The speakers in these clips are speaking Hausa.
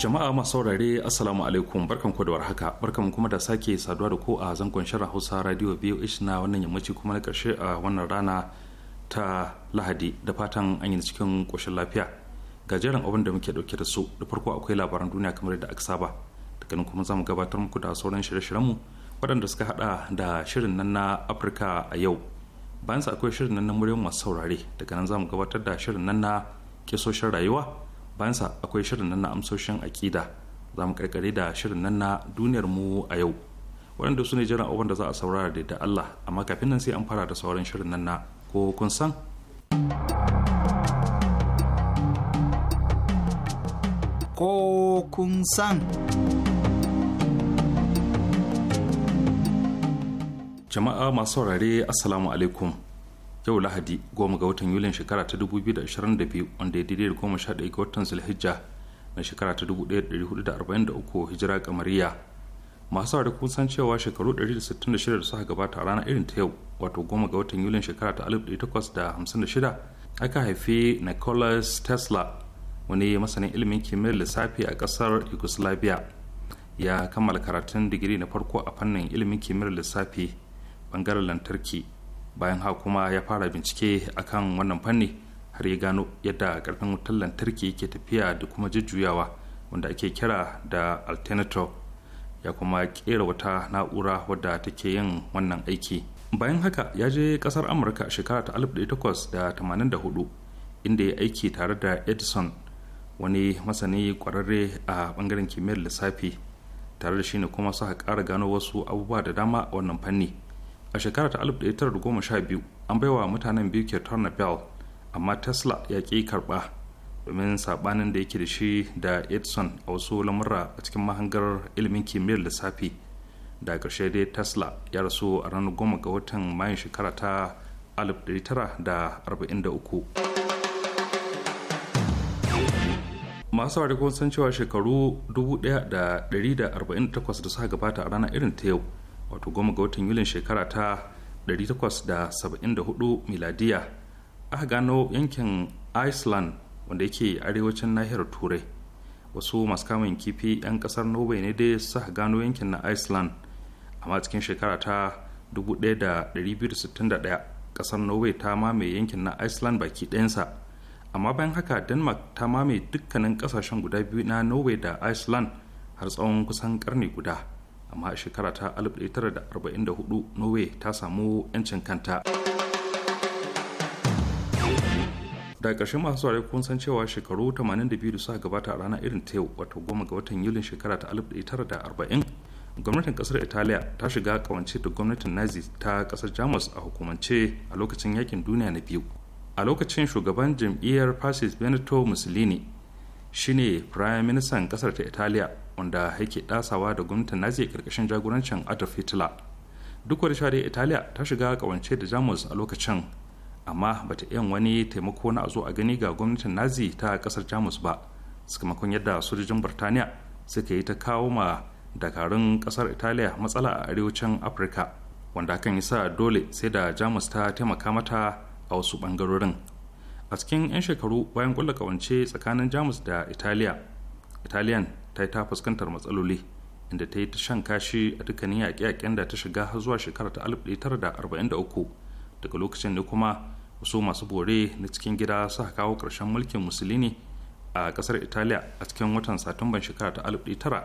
jama'a masu saurare assalamu alaikum barkan ku da warhaka barkan kuma da sake saduwa da ku a zangon shirin hausa radio voh na wannan yammaci kuma na karshe a wannan rana ta lahadi da fatan an yi cikin koshin lafiya ga jerin abin da muke dauke da su da farko akwai labaran duniya kamar da aka saba daga nan kuma za mu gabatar muku da sauran shirye-shiryenmu waɗanda suka hada da shirin nan na afirka a yau bayan sa akwai shirin nan na muryoyin masu saurare daga nan za gabatar da shirin nan na kesoshin rayuwa sa akwai shirin nan na amsoshin aƙida za mu karkare da shirin nan na duniyar mu a yau waɗanda su ne jiran abubuwan da za a saurara da Allah amma kafin nan sai an fara da sauran shirin nan na ko kun san ko kun san jama'a masu saurare assalamu alaikum yau lahadi goma ga watan yulin shekara ta 2022 wanda ya daidai da goma sha ɗaya ga watan zulhijja na shekara ta 1443 hijira kamariya masu ware kun san cewa shekaru 166 da suka gabata a ranar irin ta yau wato goma ga watan yulin shekara ta 1856 aka haifi nicholas tesla wani masanin ilimin kimiyyar lissafi a ƙasar yugoslavia ya kammala karatun digiri na farko a fannin ilimin kimiyyar lissafi bangaren lantarki bayan ha kuma ya fara bincike akan wannan fanni har ya gano yadda karfin wutar lantarki yake tafiya da kuma jujjuyawa wanda ake kira da alternator ya kuma kera wata na'ura wadda take yin wannan aiki bayan haka ya je kasar amurka a shekara ta 1884 inda ya aiki tare da edison wani masani kwararre a bangaren kimiyyar lissafi tare da shi ne kuma suka kara gano wasu abubuwa da dama a wannan fanni a shekara ta 1912 an baiwa mutanen biyu kyautar nobel amma tesla ya ƙi karɓa domin saɓanin da yake da shi da edison a wasu lamura a cikin mahangar ilimin kimiyyar lissafi da ƙarshe dai tesla ya rasu a ranar goma ga watan mayun shekara ta 1943 masu saurari kun san cewa shekaru 1148 da suka gabata a rana irin ta yau wato goma ga watan yulin shekara ta 1874 miladiya aka gano yankin iceland wanda yake arewacin nahiyar turai wasu masu kamun kifi 'yan kasar norway ne dai suka gano yankin na iceland amma cikin shekara ta 1261 kasar norway ta mamaye yankin na iceland baki ɗayansa amma bayan haka denmark ta mamaye dukkanin kasashen guda biyu na norway da iceland har tsawon kusan karni guda amma a shekara ta 1944 norway ta samu 'yancin kanta daga ƙarshe masu saurari kun san cewa shekaru 82 da suka gabata a rana irin ta yau wato goma ga watan yulin shekara ta 1940 gwamnatin ƙasar italiya ta shiga kawance da gwamnatin nazi ta ƙasar jamus a hukumance a lokacin yakin duniya na biyu a lokacin shugaban jam'iyyar fascist benito mussolini shine prime minister kasar ta italiya wanda yake dasawa da gwamnatin nazi karkashin jagorancin adolf hitler duk da share italiya ta shiga kawance da jamus a lokacin amma bata yin wani taimako na zo a gani ga gwamnatin nazi ta kasar jamus ba sakamakon yadda sojojin birtaniya suka yi ta kawo ma dakarun kasar italiya matsala a arewacin afirka wanda yi yasa dole sai da jamus ta taimaka mata a wasu bangarorin a cikin 'yan shekaru bayan kulla kawance tsakanin jamus da italiya italiyan ta yi ta fuskantar matsaloli inda ta yi ta shan kashi a dukkanin yaƙe-yaƙen da ta shiga har zuwa shekara ta 1943 daga lokacin ne kuma wasu masu bore na cikin gida suka kawo ƙarshen mulkin musulini a ƙasar italiya a cikin watan satumban shekara ta 1943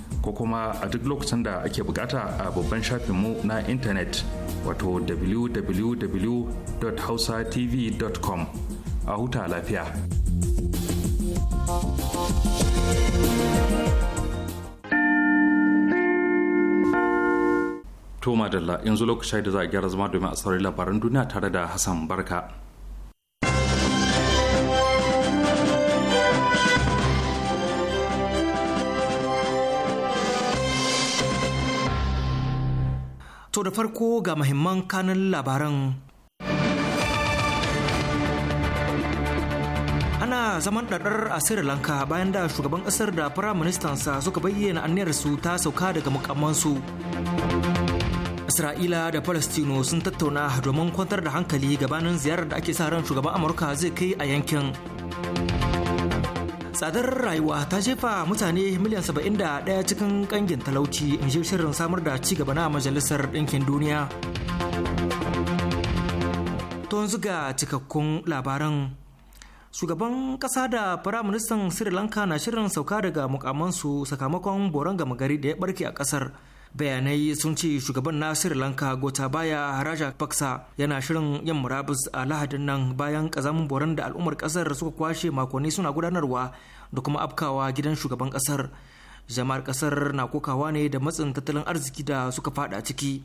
ko kuma a duk lokacin da ake bukata a babban shafinmu na intanet wato www.hausatv.com a huta lafiya. Toma Dalla yanzu lokacin da za a gyara zama domin a saurari labaran duniya tare da Hassan Barka. To da farko ga mahimman kanun labaran. Ana zaman ɗaɗar a Sri Lanka bayan da shugaban ƙasar da ministansa suka bayyana anniyar su ta sauka daga mukammansu. Isra'ila da Falastino sun tattauna domin kwantar da hankali gabanin ziyarar da ake sa ran shugaban Amurka zai kai a yankin. tsadar rayuwa ta jefa mutane miliyan 71 cikin kangin talauci in ji shirin samar da ci gaba na majalisar ɗinkin duniya. To yanzu cikakkun labaran. Shugaban ƙasa da Firaministan Sri Lanka na shirin sauka daga mukamansu sakamakon boron gama gari da ya barke a ƙasar. bayanai sun ce shugaban na sri lanka gotabaya faksa yana shirin yin murabus a lahadin nan bayan kazamin boran da al'ummar kasar suka kwashe makonni suna gudanarwa da kuma afkawa gidan shugaban kasar jama'ar kasar na kokawa ne da matsin tattalin arziki da suka fada ciki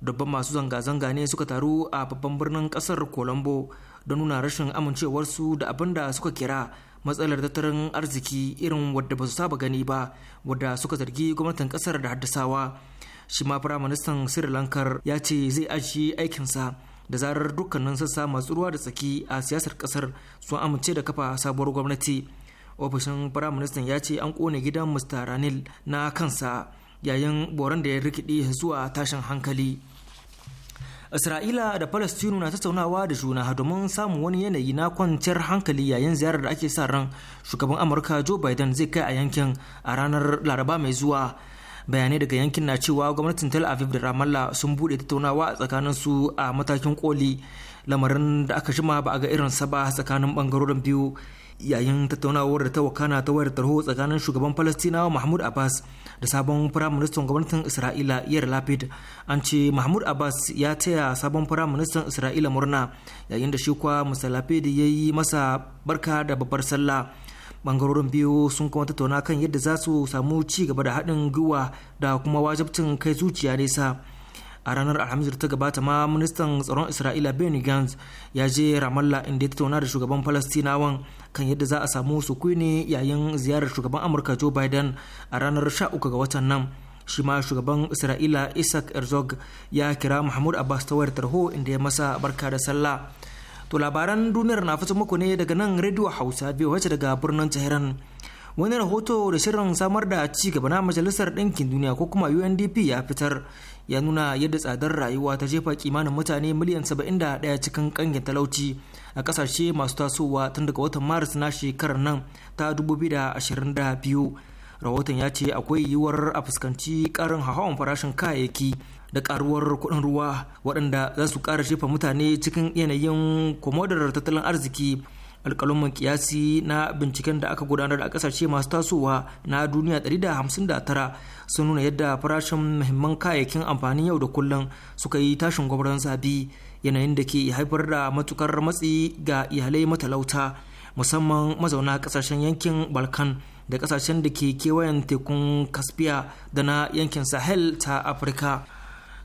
dubban masu zanga-zanga ne suka taru a babban birnin kasar colombo don nuna rashin amincewarsu da abin da suka kira matsalar tattalin arziki irin wadda ba su saba gani ba wadda suka zargi gwamnatin kasar da haddasawa shi ma firaministan sri lankar ya ce zai ajiye aikinsa da zarar dukkanin sassa masu ruwa da tsaki a siyasar kasar sun amince da kafa sabuwar gwamnati ofishin firaministan ya ce an kone gidan mr ranil na kansa yayin boran da ya rikidi zuwa tashin hankali Isra'ila da Falastinu na tattaunawa da juna domin samun wani yanayi na kwanciyar hankali yayin ziyarar da ake sa ran shugaban Amurka Joe Biden zai kai a yankin a ranar Laraba mai zuwa. Bayanai daga yankin na cewa gwamnatin Tel Aviv da Ramallah sun bude tattaunawa tsakanin su a matakin koli lamarin da aka jima ba a ga irinsa ba tsakanin bangarorin biyu yayin tattaunawar da ta wakana ta wayar tarho tsakanin shugaban falastinawa mahmud abbas da sabon firaministan gwamnatin isra'ila yar lapid an ce mahmud abbas ya taya sabon firaministan isra'ila murna yayin da shi kwa musa lapid ya yi masa barka da babbar sallah bangarorin biyu sun kuma tattauna kan yadda za su samu ci gaba da haɗin gwiwa da kuma wajabcin kai zuciya nesa a ranar alhamis da ta gabata ma ministan tsaron isra'ila benny gantz ya je ramallah inda ya tattauna da shugaban falastinawan kan yadda za a samu su sukuni yayin ziyarar shugaban amurka joe biden a ranar 13 ga watan nan shi ma shugaban isra'ila isaac herzog ya kira mahmud abbas ta wayar tarho inda ya masa barka da sallah to labaran duniyar na fito muku ne daga nan rediyo hausa biyu wacce daga birnin tehran wani rahoto da shirin samar da ci gaba na majalisar ɗinkin duniya ko kuma undp ya fitar ya nuna yadda tsadar rayuwa ta jefa kimanin mutane miliyan 71 cikin kangin talauci a kasashe masu tasowa tun daga watan maris na shekarar nan ta 2022 rahoton ya ce akwai yiwuwar a fuskanci karin hawan farashin kayayyaki da karuwar kuɗin ruwa waɗanda za su ƙara jefa mutane cikin yanayin komodar tattalin arziki alƙalumin kiyasi na binciken da aka gudanar a kasashe masu tasowa na duniya 159 sun nuna yadda farashin muhimman kayayyakin amfanin yau da kullum suka yi tashin gwamnan zabi yanayin da ke haifar da matukar matsi ga iyalai matalauta musamman mazauna kasashen yankin balkan da kasashen da ke kewayen tekun kaspiya da na yankin sahel ta afirka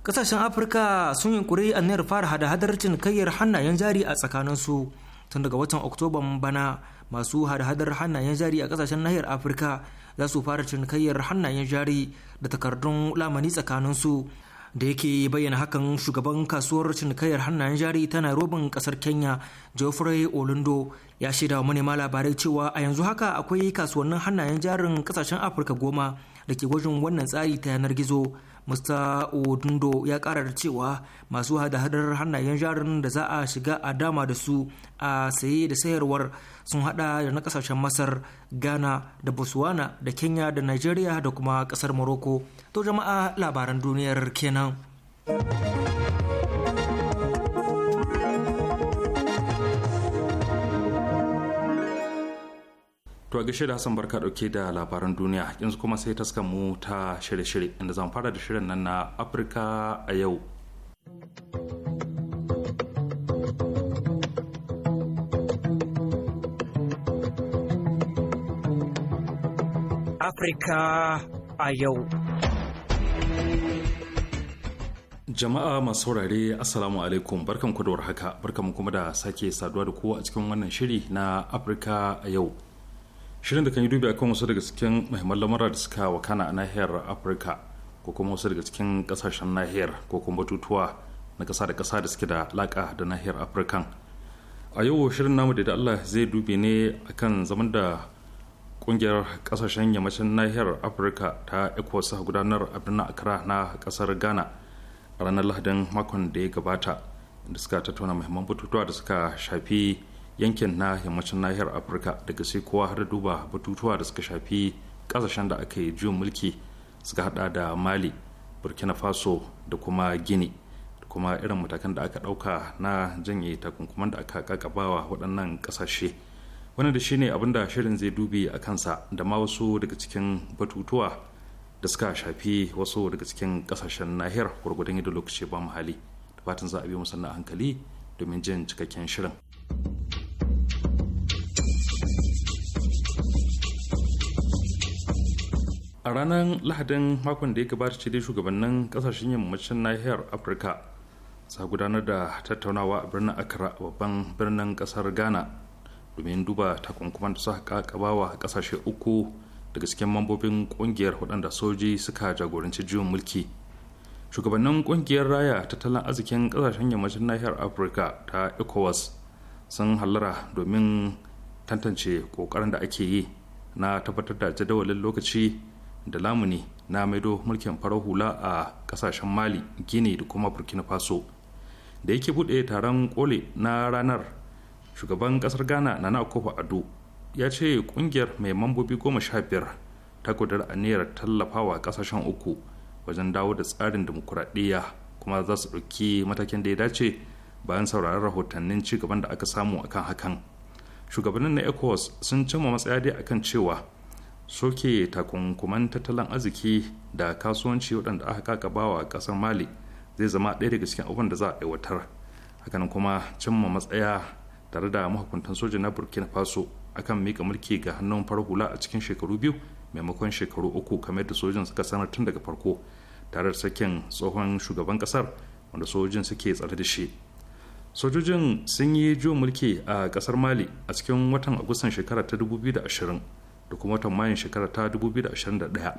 kasashen afirka sun yi a aniyar fara hada-hadar cinikayyar hannayen jari a tsakaninsu tun daga watan oktoban bana masu hada-hadar hannayen jari a kasashen nahiyar afirka za su fara cinikayyar hannayen jari da takardun lamani tsakanin su da yake bayyana hakan shugaban kasuwar cinikayyar hannayen jari ta nairobi kasar kenya geoffrey olundo ya shaida wa manema labarai cewa a yanzu haka akwai kasuwannin hannayen jarin kasashen afirka goma da ke gwajin wannan tsari ta yanar gizo mr odundo ya kara da cewa masu hada-hadar hannayen jarin da za a shiga a dama da su a saye da sayarwar sun hada da na kasashen masar ghana da botswana da kenya da nigeria da kuma kasar morocco to jama'a labaran duniyar kenan To a gaishe da Hassan Barka dauke da labaran duniya yanzu kuma sai taskan mu ta shirye-shirye inda zan fara da shirin nan na Afirka a yau. Afirka a yau. Jama'a masu saurare Assalamu alaikum barkan da barkan kuma da sake saduwa da kowa a cikin wannan shiri na Afirka a yau. shirin da kan yi dubi a akan wasu daga cikin mahimman lamura da suka wakana a nahiyar afirka ko kuma wasu daga cikin kasashen nahiyar ko kuma batutuwa na kasa da kasa da suke da alaka da nahiyar afirkan a yau shirin namu da allah zai dubi ne akan zaman da kungiyar kasashen yammacin nahiyar afirka ta ecowas gudanar a birnin accra na kasar ghana a ranar lahadin makon da ya gabata da suka tattauna mahimman batutuwa da suka shafi yankin na yammacin nahiyar afirka daga sai kowa har duba batutuwa da suka shafi kasashen da aka yi juyin mulki suka hada da mali burkina faso da kuma gini da kuma irin matakan da aka dauka na janye takunkuman da aka kakabawa waɗannan kasashe wani da shine abin da shirin zai dubi a kansa da ma wasu daga cikin batutuwa da suka shafi wasu daga cikin ƙasashen nahiyar gwargwadon yadda lokaci ba hali da fatan za a biyo musanna hankali domin jin cikakken shirin a ranar lahadin makon da ya gabata ce dai shugabannin kasashen yammacin nahiyar afirka sa gudanar da tattaunawa a birnin accra babban birnin kasar ghana domin duba takunkuman da suka kakabawa kasashe uku daga cikin mambobin kungiyar waɗanda soji suka jagoranci juyin mulki shugabannin ƙungiyar raya tattalin arzikin kasashen yammacin nahiyar afirka ta ecowas sun hallara domin tantance ƙoƙarin da ake yi na tabbatar da jadawalin lokaci da lamuni na maido mulkin farar hula a kasashen mali gini da kuma burkina faso da yake buɗe taron kole na ranar shugaban kasar ghana na akufo ado ya ce ƙungiyar mai mambobi goma sha biyar ta kudura aniyar tallafawa kasashen uku wajen dawo da tsarin dimokuraɗiyya kuma za su ɗauki matakin da ya dace bayan sauraron rahotannin ci gaban da aka samu akan hakan shugabannin na ecowas sun cimma matsaya dai akan cewa soke takunkuman tattalin arziki da kasuwanci waɗanda aka a ƙasar mali zai zama ɗaya daga cikin abubuwan da za a aiwatar hakanan kuma cimma matsaya tare da mahukuntan soja na burkina faso akan mika mulki ga hannun farar hula a cikin shekaru biyu maimakon shekaru uku kamar da sojin suka sanar tun daga farko tare da sakin tsohon shugaban kasar wanda sojin suke tsare da shi sojojin sun yi juyin mulki a kasar mali a cikin watan agustan shekara ta 2020 da kuma watan mayun shekara ta 2021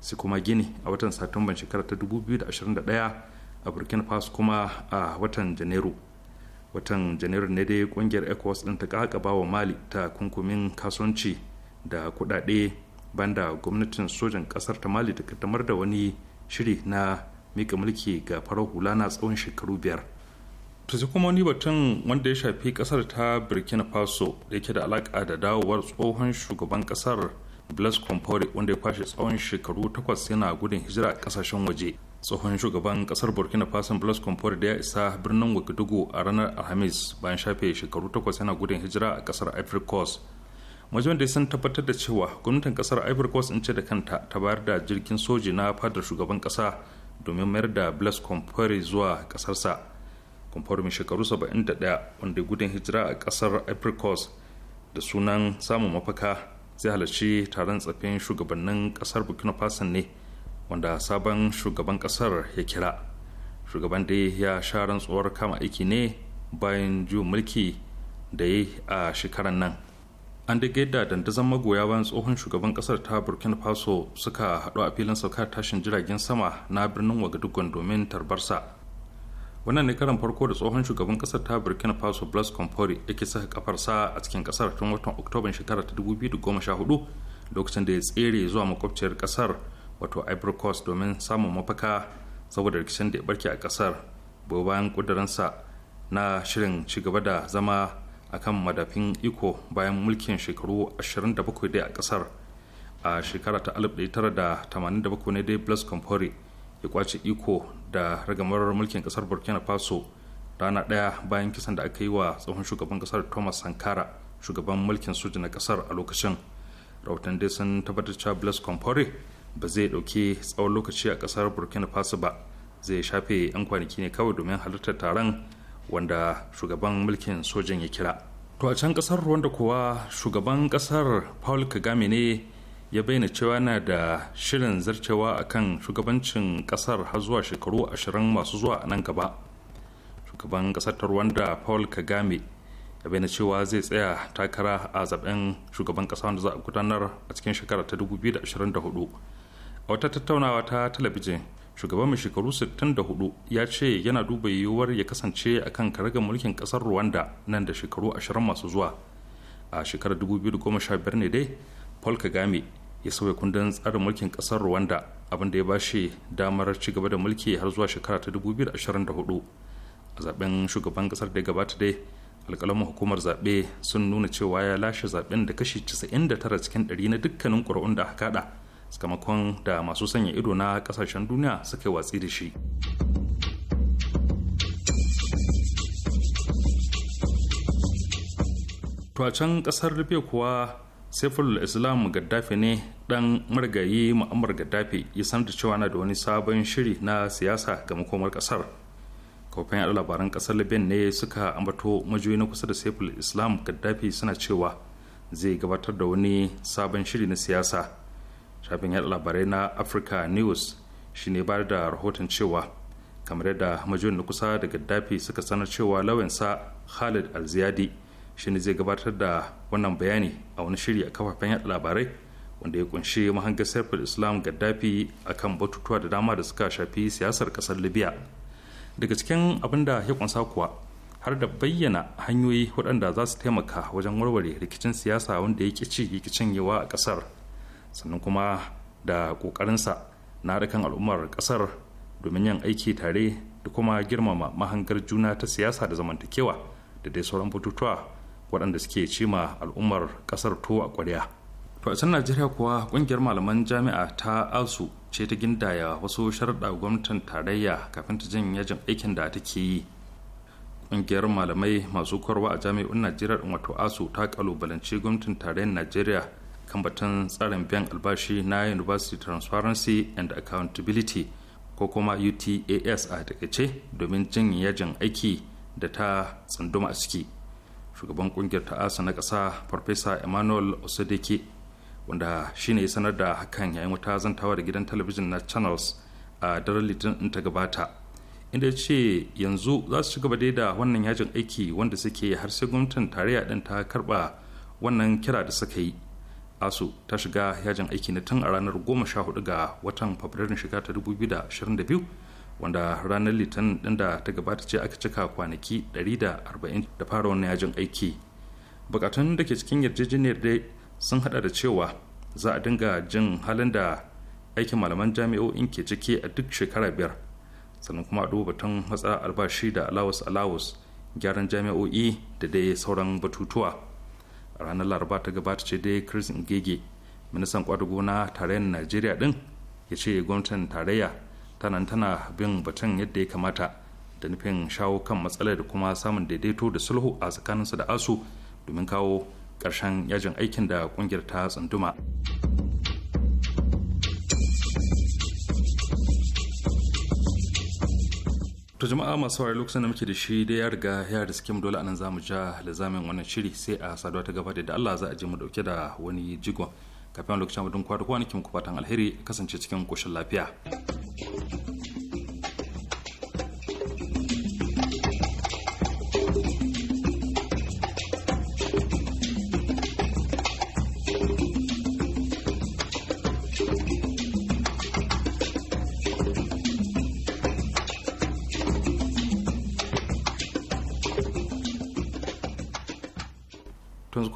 sai kuma gini a watan satumban shekara ta 2021 a burkina faso kuma a watan janairu watan janairu ne dai kungiyar ecowas din ta kakaba wa mali ta kunkumin kasuwanci da kudade banda gwamnatin sojan kasar ta mali ta kaddamar da wani shiri na mika mulki ga farar hula na tsawon shekaru biyar ta sai kuma wani batun wanda ya shafi kasar ta burkina faso da yake da alaka da dawowar tsohon shugaban kasar blaise compaore wanda ya kwashe tsawon shekaru takwas yana gudun hijira a kasashen waje tsohon shugaban kasar burkina faso blaise compaore da ya isa birnin wagadugu a ranar alhamis bayan shafe shekaru takwas yana gudun hijira a kasar ivory coast majalisar da sun tabbatar da cewa gwamnatin kasar ivory coast in ce da kanta ta bayar da jirgin soji na fadar shugaban kasa domin mayar da blaise compaore zuwa kasarsa kumfar shekaru 71 wanda gudun hijira a kasar apricot da sunan samun mafaka zai halarci taron tsafin shugabannin kasar burkina faso ne wanda sabon shugaban kasar ya kira shugaban da ya sha rantsuwar kama aiki ne bayan juyin mulki da ya a shekaran nan an da gaida dandazon magoya bayan tsohon shugaban kasar ta burkina faso suka haɗu a filin saukar tashin jiragen sama na birnin wagadugon domin tarbarsa wannan ne karan farko da tsohon shugaban kasar ta burkina faso blaise compaore yake saka kafarsa a cikin kasar tun watan oktoban shekara ta 2014 lokacin da ya tsere zuwa makwabciyar kasar wato ivory coast domin samun mafaka saboda rikicin da ya barke a kasar bayan kudurinsa na shirin shigaba da zama a kan madafin iko bayan mulkin shekaru 27 dai a kasar a shekara ta 1987 ne dai blaise compaore ya kwace iko da ragamar mulkin kasar burkina faso rana ɗaya bayan kisan da aka yi wa tsohon shugaban kasar thomas sankara shugaban mulkin soja na kasar a lokacin rahoton dai sun tabbatar cewa blaise compaore ba zai ɗauki tsawon lokaci a kasar burkina faso ba zai shafe 'yan kwanaki ne kawai domin halartar taron wanda shugaban mulkin sojan ya kira to a can kasar rwanda kowa shugaban kasar paul kagame ne ya bayyana cewa yana da shirin zarcewa a kan shugabancin kasar har zuwa shekaru ashirin masu zuwa a nan gaba shugaban kasar ta rwanda paul kagame ya bayyana cewa zai tsaya takara a zaben shugaban kasa wanda za a gudanar a cikin shekara ta 2024 a wata tattaunawa ta talabijin shugaban mai shekaru 64 ya ce yana duba yiwuwar ya kasance akan kan karagar mulkin kasar rwanda nan da shekaru 20 masu zuwa a shekarar 2015 ne dai paul kagame ya sauya kundin tsarin mulkin kasar rwanda abinda ya bashi damar ci gaba da mulki har zuwa shekara ta 2024 a zaben shugaban kasar da ya gabata dai alkalamin hukumar zaɓe sun nuna cewa ya lashe zaɓen da kashi 99 cikin 100 na dukkanin ƙuri'un da aka kaɗa sakamakon da masu sanya ido na ƙasashen duniya suka yi watsi da shi to a can kasar rufe kuwa saiful islam gaddafi ne dan margayi mu'ammar gaddafi ya sanar da cewa ana da wani sabon shiri na siyasa ga makomar kasar kofin yada labaran kasar libyan ne suka ambato majiyoyi na kusa da saiful islam gaddafi suna cewa zai gabatar da wani sabon shiri na siyasa shafin yada labarai na africa news shine ba da rahoton cewa kamar yadda majiyoyi na kusa da gaddafi suka sanar cewa lawansa khalid alziyadi shine zai gabatar da wannan bayani a wani shiri a kafafen yada labarai wanda ya kunshi mahangar saifar islam gaddafi kan batutuwa da dama da suka shafi siyasar kasar libya daga cikin abin da ya kunsa kuwa har da bayyana hanyoyi waɗanda za su taimaka wajen warware rikicin siyasa wanda ya ci rikicin yawa a ƙasar sannan kuma da ƙoƙarinsa na rikan al'ummar ƙasar domin yin aiki tare da kuma girmama mahangar juna ta siyasa da zamantakewa da dai sauran batutuwa waɗanda suke cima al'ummar ƙasar to a ƙwarya to a can najeriya kuwa ƙungiyar malaman jami'a ta asu ce ta gindaya wasu sharaɗa gwamnatin tarayya kafin ta jin yajin aikin da ta ke yi ƙungiyar malamai masu korwa a jami'un najeriya ɗin wato asu ta kalubalanci gwamnatin tarayyar najeriya kan batun tsarin biyan albashi na university transparency and accountability ko kuma utas a takaice domin jin yajin aiki da ta tsunduma a ciki shugaban kungiyar ta na kasa farfesa emmanuel osadeke wanda shi ya sanar da hakan yayin wata zantawa da gidan talabijin na channels a daren litinin ta gabata inda ya ce yanzu za su ci gaba dai da wannan yajin aiki wanda suke har sai gwamnatin tarayya din ta karba wannan kira da suka yi asu ta shiga yajin aiki na tun a ranar 14 ga watan fabrairun shiga ta 2022 wanda ranar litinin din da ta gabata ce aka cika kwanaki 140 da fara wannan yajin aiki bukatun da ke cikin yarjejeniyar dai sun hada da cewa za a dinga jin halin da aikin malaman jami'o'in ke ciki a duk shekara biyar sannan kuma a duba batun matsa albashi da alawus alawus gyaran jami'o'i da dai sauran batutuwa a ranar laraba ta gabata ce dai chris ngege ministan kwadugo na tarayyar najeriya din ya ce gwamnatin tarayya tanan tana bin batun yadda ya kamata da nufin shawo kan matsalar da kuma samun daidaito da sulhu a tsakaninsu da asu domin kawo ƙarshen yajin aikin da ƙungiyar ta tsunduma. to jama'a masu saurari lokacin da muke da shi dai ya riga ya da sikim dole anan zamu ja lizamin wannan shiri sai a saduwa ta gaba da Allah za a je mu dauke da wani jigon kafin lokacin mu dun kwado kwanakin ku fatan alheri kasance cikin koshin lafiya.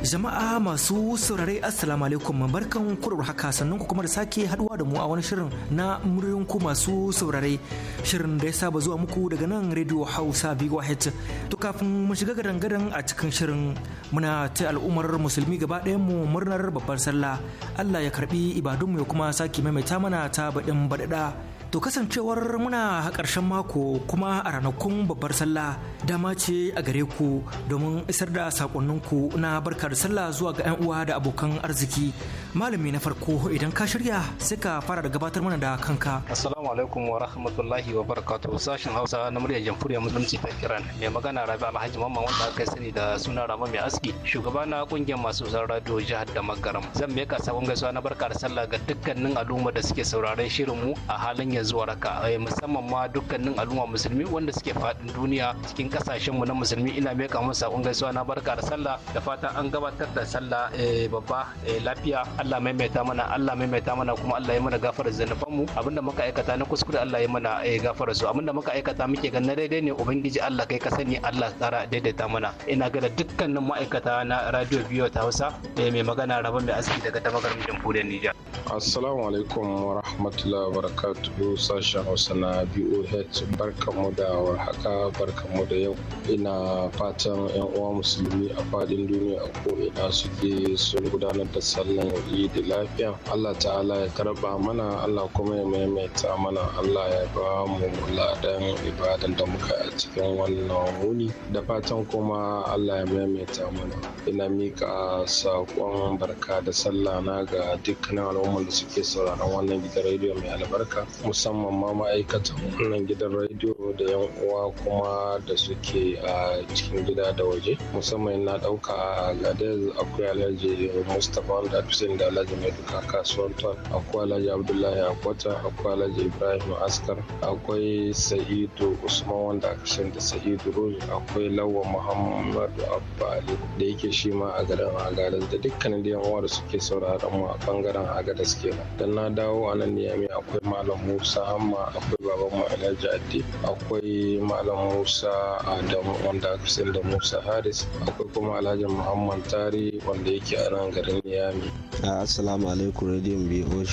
Jama'a masu saurare Assalamu alaikum barkan kurar haka sannan ku kuma da sake haduwa da mu a wani shirin na muryoyin masu saurare shirin da ya saba zuwa muku daga nan Radio Hausa VOH to kafin mu shiga gadan a cikin shirin muna ta al'ummar musulmi gaba ɗayan mu murnar babbar sallah Allah ya karbi ibadunmu ya kuma sake maimaita mana ta baɗin baɗaɗa To kasancewar muna ƙarshen mako kuma a ranakun babbar sallah dama ce a gare ku domin isar da sakonninku na barkar sallah zuwa ga 'yan uwa da abokan arziki. Malami na farko idan ka shirya sai ka fara da gabatar mana da kanka. Assalamu alaikum wa rahmatullahi wa barakatuhu sashen Hausa na muryar jamhuriyar musulunci ta Iran. Mai magana Rabi Alhaji Mamman wanda aka sani da suna Rama Mai Aski, shugaba na kungiyar masu sauran radio jihar da Magaram. Zan miƙa sabon gaisuwa na barkar sallah ga dukkanin al'umma da suke sauraron shirin mu a halin duniya zuwa raka eh, musamman ma dukkanin al'umma musulmi wanda suke faɗin duniya cikin kasashen mu na musulmi ina mai kamar sakon gaisuwa na barka da sallah da fata an gabatar da sallah eh, babba eh, lafiya Allah maimaita mana Allah maimaita mana kuma Allah ya mana gafara zanufan mu abinda muka aikata na kuskure Allah ya mana gafara su abinda muka aikata muke ganin daidai ne ubangiji Allah kai ka sani Allah kara daidaita mana ina ga dukkanin ma'aikata na radio biyo ta Hausa mai magana rabon mai aski daga tabagar mutum Nijar. Assalamu alaikum wa rahmatullahi wa barakatuhu sashen hausa na boh mu da warhaka mu da yau ina fatan yan uwa musulmi a fadin duniya ko ina suke sun gudanar da sallan da lafiya allah ta'ala ya karba mana allah kuma ya maimaita mana allah ya ba mu ladan ibadan da muka a cikin wannan wuni da fatan kuma allah ya maimaita mana ina mika saƙon barka da sallah na ga dukkanin al'ummar da suke sauraron wannan gidan rediyo mai albarka musamman ma ma'aikatan wannan gidan rediyo da yan uwa kuma da suke a cikin gida da waje musamman na ɗauka gadez akwai alhaji mustapha da hussein da alhaji mai duka kasuwar ton akwai alhaji abdullahi akwata akwai alhaji ibrahim askar akwai sa'idu usman wanda aka san da sa'idu roj akwai lawan muhammadu abba ali da yake shi ma a garin agadas da dukkanin da yan uwa da suke sauraron mu a bangaren agadas kenan dan na dawo a nan niyami akwai malam musa musa hamma akwai mu alhaji adde akwai malam musa adamu wanda aka sayar da musa haris akwai kuma alhaji muhammad tari wanda yake a nan garin niyami assalamu alaikum radio boh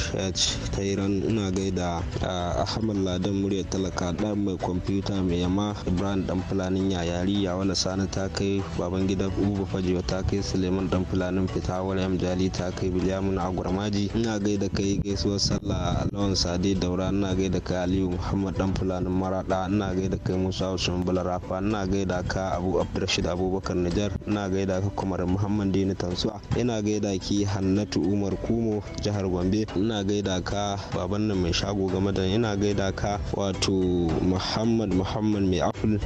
ta iran ina gaida ahmad ladan murya talaka dan mai kwamfuta mai yama ibrahim dan fulanin yayari ya wani sani ta kai baban gidan Ubu ta kai suleiman dan fulanin fita wani Jali ta kai na agwarmaji ina gaida kai gaisuwar sallah lawan sade daura na ina gaida ka aliyu muhammad dan fulani maraɗa ina gaida kai musa usman balarafa ina gaida ka abu abdurrashid abubakar nijar ina gaida ka kumar muhammad dini tansuwa ina gaida ki hannatu umar kumo jihar gombe ina gaida ka baban nan mai shago game da ina gaida ka wato muhammad muhammad mai afl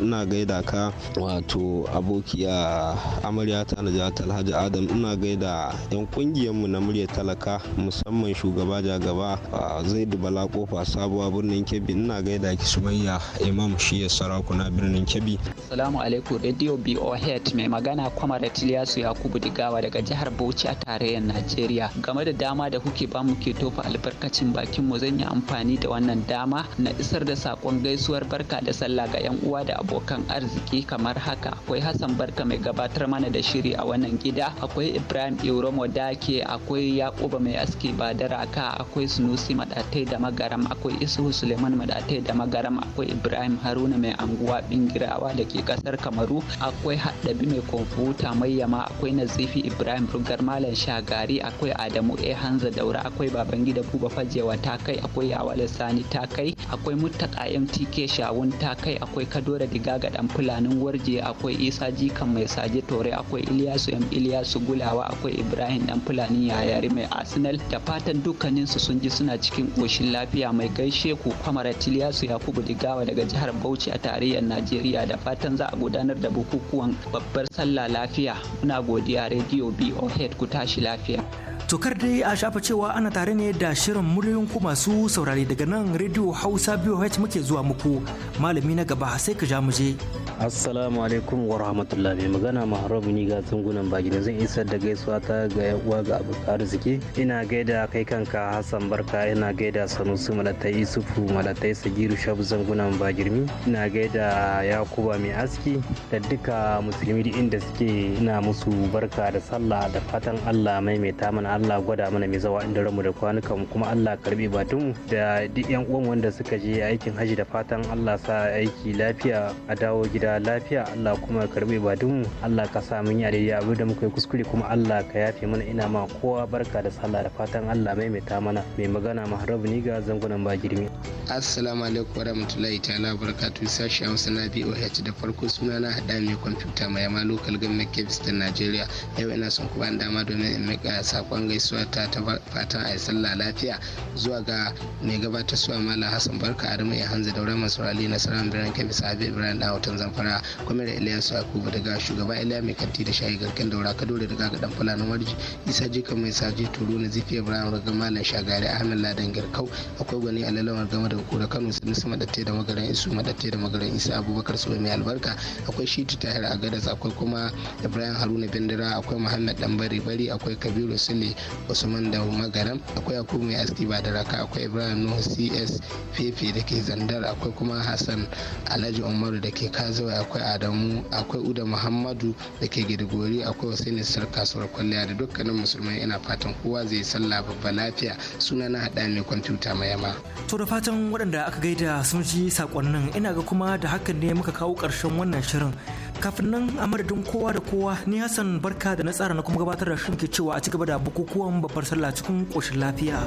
ina gaida ka wato abokiya amarya ta najat alhaji adam ina gaida yan mu na murya talaka musamman shugaba jagaba zaidu bala kofa sabuwa birnin kebbi ina gaida ki sumayya imam shi ya sarakuna birnin kebbi assalamu alaikum radio bohead mai magana kwamar da tiliyasu yakubu digawa daga jihar bauchi a tarayyar najeriya game da dama da kuke ba mu ke tofa albarkacin bakin mu zan yi amfani da wannan dama na isar da sakon gaisuwar barka da sallah ga yan uwa da abokan arziki kamar haka akwai hassan barka mai gabatar mana da shiri a wannan gida akwai ibrahim iromo dake akwai yakuba mai aski badara da akwai sunusi madatai da magaram akwai isuhu suleiman madatai da magaram akwai ibrahim haruna mai anguwa bingirawa da ke kasar kamaru akwai haɗabi mai kwamfuta mai yama akwai nazifi ibrahim rugar malam shagari akwai adamu a hanza daura akwai babangida buba fajewa ta kai akwai yawale sani ta kai akwai mutaka mtk shawun ta kai akwai kadora Digaga ga dan fulanin warje akwai isa jikan mai saje tore akwai iliyasu m iliyasu gulawa akwai ibrahim dan fulanin yayari mai arsenal da fatan dukkaninsu sun ji suna cikin koshin lafiya lafiya mai gaishe ku kwamara tiliyasu yakubu digawa daga jihar bauchi a tarayyar najeriya da fatan za a gudanar da bukukuwan babbar sallah lafiya muna godiya rediyo boh ku tashi lafiya tokar dai a shafa cewa ana tare ne da shirin muryoyin ku masu saurari daga nan rediyo hausa h muke zuwa muku malami na gaba sai ka ja mu je assalamu alaikum wa rahmatullah mai magana maharabu ni ga tungunan baki da zan isar da gaisuwa ta ga uwa ga abu arziki ina gaida kai kanka hassan barka ina gaida sanu sunusu malatai isufu malatai sagiru shafu zangunan bagirmi na gaida yakuba mai aski da duka musulmi da inda suke na musu barka da sallah da fatan allah maimaita mana allah gwada mana mai zawa inda ramu da kwanukan kuma allah karbi batun da duk yan uwan wanda suka je aikin haji da fatan allah sa aiki lafiya a dawo gida lafiya allah kuma karbi batun allah ka sa mun yi daidai abu da muka yi kuskure kuma allah ka yafe mana ina ma kowa barka da sallah da fatan allah maimaita mana mai magana maharabu ni ga zangunan ba girmi. Assalamu alaikum warahmatullahi ta'ala barakatuhu sashi Hausa na BOH da farko suna na hada mai kwamfuta mai yama local government kebis ta Najeriya yau ina son kuma an dama domin in mika sakon gaisuwa ta ta fatan a yi sallah lafiya zuwa ga mai gabatar suwa Malam Hassan Barka Adamu a hanzu daura masu rali na sauran birnin kebis Habib biran da Hautan Zamfara kuma da su Yakubu daga shugaba Ilya mai kanti da shayi garken daura dole daga ga dan Fulani Warji Isa Jika mai saji turu na Zifi Ibrahim ga Malam Shagari Ahmed Ladan Girkau akwai gwani lalawar game da kura kano sunusu madatte da magaran isu madatte da magaran isa abubakar su mai albarka akwai shitu tahir a gadas akwai kuma ibrahim haruna bindira akwai muhammad dan bari bari akwai kabiru sule usman da magaram akwai aku mai aski ba da raka akwai ibrahim nuhu cs fefe da ke zandar akwai kuma hassan alhaji umaru da ke kazawa akwai adamu akwai uda muhammadu da ke girgori akwai wasu sar kasuwar kwalliya da dukkanin musulmai ina fatan kowa zai sallah babba lafiya suna na haɗa mai kwamfuta mai yama. To da fatan waɗanda aka gaida sun ji sakonnin ina ga kuma da hakan ne muka kawo ƙarshen wannan shirin. Kafin nan a madadin kowa da kowa ni Hassan barka da na tsara na kuma gabatar da shirin ke cewa a cigaba da bukukuwan babbar sallah cikin ƙoshin lafiya.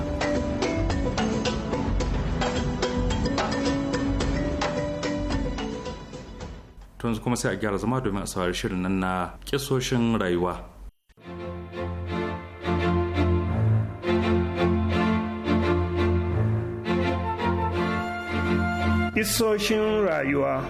To yanzu kuma sai a gyara zama domin a saurari shirin nan na kisoshin rayuwa. Isoshin rayuwa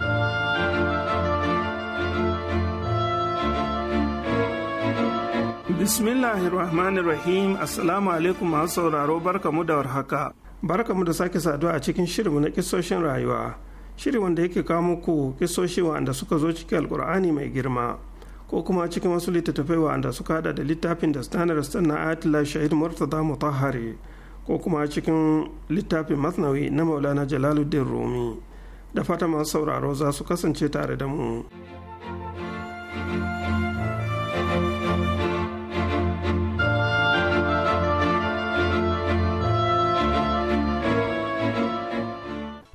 Bismillahirrahmanirrahim Assalamu alaikum masu sauraro barkamu da warhaka. Barkamu da sake saduwa a cikin shirinmu na kisoshin rayuwa. Shiri wanda yake kawo muku kisoshi wanda suka zo ciki alkur'ani mai girma. ko kuma cikin wasu littattafai wa'anda suka hada da littafin da standard na Ayatollah shahid murtada mutahari ko kuma cikin littafin masnawi na maulana jalaluddin rumi da fata masu sauraro za su kasance tare da mu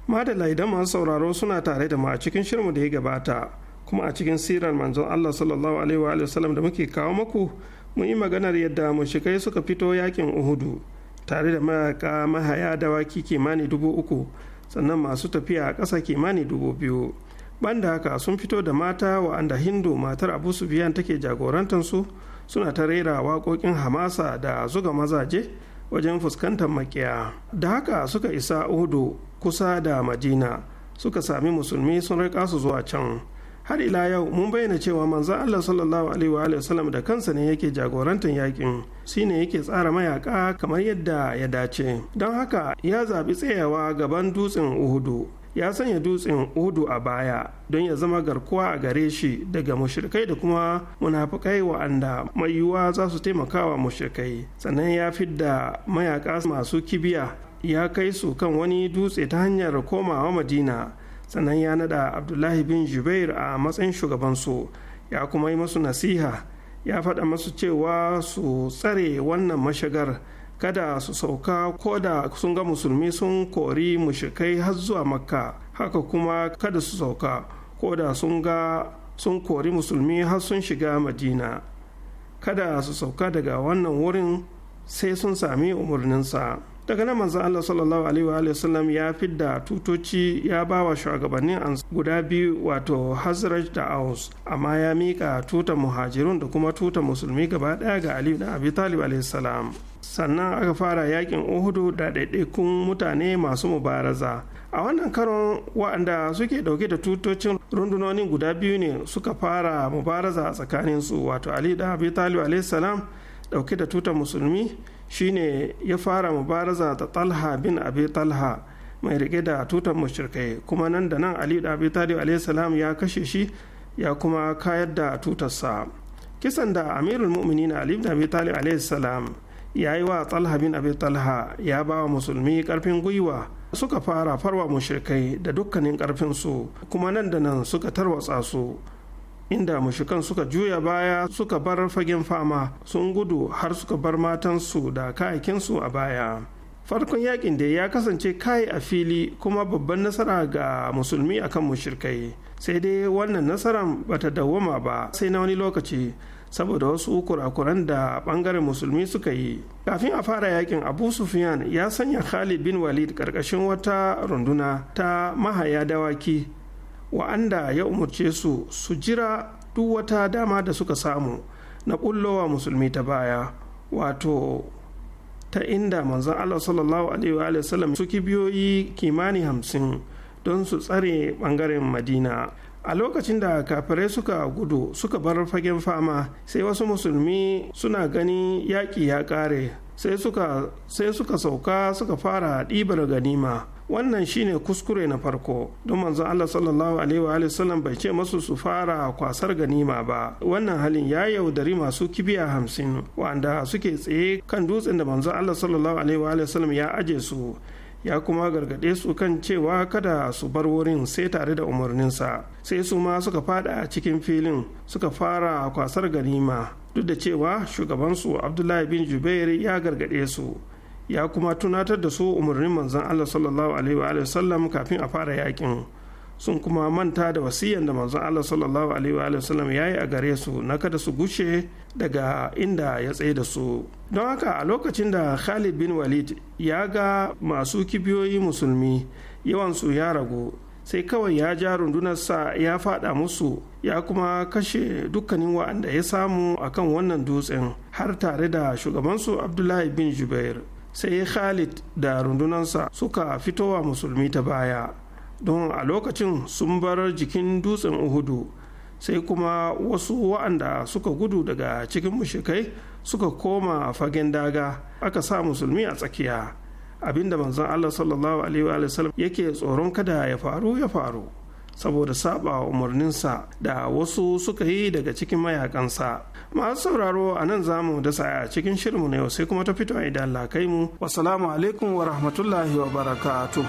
madala idan masu sauraro suna tare da mu a cikin shirmu da ya gabata kuma a cikin sirar manzon allah sallallahu alaihi wa sallam da muke kawo maku mun yi maganar yadda mushikai suka fito yakin uhudu tare da mayaka mahaya dawaki kimani dubu uku sannan masu tafiya a ƙasa kimani dubu biyu banda haka sun fito da mata wa'anda hindu matar abu su biyan take jagorantansu suna ta rera waƙoƙin hamasa da zuga mazaje wajen fuskantar makiya da haka suka isa uhudu kusa da madina suka sami musulmi sun rika su zuwa can har ila yau mun bayyana cewa manzon Allah sallallahu alaihi wa sallam da kansa ne yake jagorantar yakin shine yake tsara mayaka kamar yadda ya dace don haka ya zabi tsayawa gaban dutsen Uhudu ya sanya dutsen Uhudu a baya don ya zama garkuwa a gare shi daga mushrikai da kuma munafukai wa'anda mai yiwuwa za su taimaka mushrikai sannan ya fidda mayaka masu kibiya ya kai su kan wani dutse ta hanyar komawa madina sannan ya nada abdullahi bin jubair a matsayin shugabansu ya kuma yi masu nasiha ya faɗa masu cewa su tsare wannan mashagar kada su sauka ko da sun ga musulmi sun kori mushrikai har zuwa makka haka kuma kada su sauka ko da sun ga sun kori musulmi har sun shiga madina kada su sauka daga wannan wurin sai sun sami umarninsa. daga nan manzon Allah sallallahu alaihi wa sallam ya fidda tutoci ya ba wa shugabannin an guda biyu wato Hazraj da Aus amma ya mika tutan muhajirun da kuma tutan musulmi gaba daya ga Aliyu da Abi Talib alaihi salam sannan aka fara yakin Uhudu da ɗaiɗaikun mutane masu mubaraza a wannan karon waɗanda suke ɗauke da tutocin rundunonin guda biyu ne suka fara mubaraza a tsakaninsu wato Ali da Abi Talib alaihi salam ɗauke da tutar musulmi shine ya fara mubaraza da talha bin abi talha mai rike da tutan mushrikai kuma nan da nan ali da abi talib ya kashe shi ya kuma kayar da tutarsa kisan da amirul mu'minin ali da abi talib ya yi wa talha bin abi talha ya ba wa musulmi karfin gwiwa suka fara farwa mushrikai da dukkanin karfinsu kuma nan da nan suka tarwatsa su inda mashukan suka juya baya suka bar fagen fama sun gudu har suka bar matansu da kayakinsu a baya farkon yakin da ya kasance kai a fili kuma babban nasara ga musulmi akan mushrikai sai dai wannan nasarar bata dawwama ba sai na wani lokaci saboda wasu kurakuran da bangaren musulmi suka yi kafin a fara yakin abu sufyan ya sanya khalid bin walid karkashin wata runduna ta mahaya dawaki wa'anda ya umarce su su jira duk wata dama da suka samu na ƙullowa musulmi ta baya wato ta inda manzan Allah sallallahu alaihi wa sallam su kibiyoyi kimani hamsin don su tsare bangaren madina a lokacin da kafirai suka gudu suka bar fagen fama sai wasu musulmi suna gani yaƙi ya ƙare sai suka sauka suka fara ɗibar ganima wannan shine kuskure na farko don manzon Allah sallallahu alaihi wa sallam bai ce masu su fara kwasar ganima ba wannan halin ya yaudari masu kibiya hamsin wanda suke tsaye kan dutsen da manzon Allah sallallahu alaihi wa sallam ya aje su ya kuma gargaɗe su kan cewa kada su bar wurin sai tare da umarninsa sai su ma suka fada a cikin filin suka fara kwasar ganima duk da cewa shugabansu abdullahi bin jubair ya gargaɗe su ya kuma tunatar da su umarnin manzon Allah sallallahu alaihi wa sallam kafin a fara yakin sun kuma manta da wasiyan da manzon Allah sallallahu alaihi wa sallam ya yi a gare su na kada su gushe daga inda ya tsaye da su don haka a lokacin da Khalid bin Walid ya ga masu kibiyoyi musulmi yawan su ya ragu sai kawai ya ja rundunarsa ya fada musu ya kuma kashe dukkanin wa'anda ya samu akan wannan dutsen har tare da shugabansu abdullahi bin jubair sai khalid da rundunansa suka fitowa musulmi ta baya don a lokacin sun bar jikin dutsen uhudu sai kuma wasu wa'anda suka gudu daga cikin mushikai suka koma fagen daga aka sa musulmi a tsakiya abinda manzon allah sallallahu alaihi wa sallam yake tsoron kada ya faru ya faru saboda saba umarninsa da wasu suka yi daga cikin mayakansa masu sauraro a nan za mu dasa a cikin shirinmu na yau sai kuma ta fito idan lakai mu wasalamu alaikum wa rahmatullahi wa barakatuh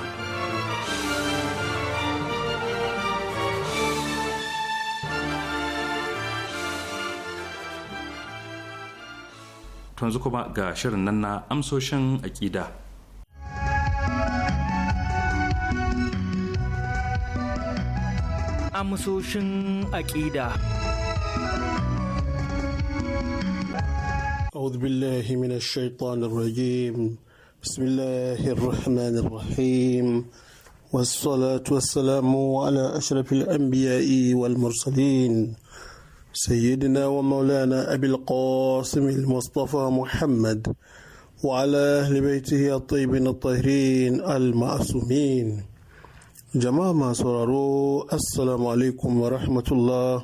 yanzu kuma ga shirin nan na amsoshin aƙida. amsoshin aƙida. أعوذ بالله من الشيطان الرجيم بسم الله الرحمن الرحيم والصلاة والسلام على أشرف الأنبياء والمرسلين سيدنا ومولانا أبي القاسم المصطفى محمد وعلى أهل بيته الطيبين الطاهرين المعصومين jama'a masu sauraro assalamu alaikum wa rahmatullah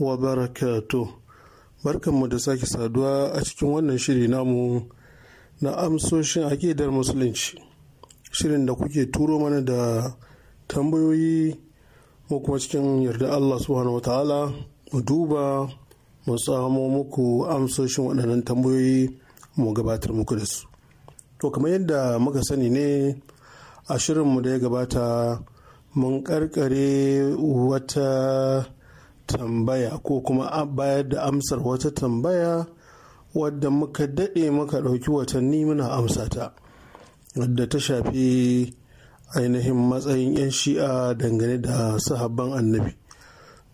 wa barakatu barkanmu da sake saduwa a cikin wannan shiri namu na amsoshin akidar musulunci shirin da kuke turo mana da tambayoyi mu kuma cikin yarda Allah subhanahu wa ta'ala mu duba mu samo muku amsoshin waɗannan tambayoyi mu gabatar muku da su to kamar yadda muka sani ne a shirinmu da ya gabata mun karkare wata tambaya ko kuma bayar da amsar wata tambaya wadda muka daɗe muka ɗauki watanni muna amsa ta wadda ta shafi ainihin matsayin 'yan shi'a dangane da sahabban annabi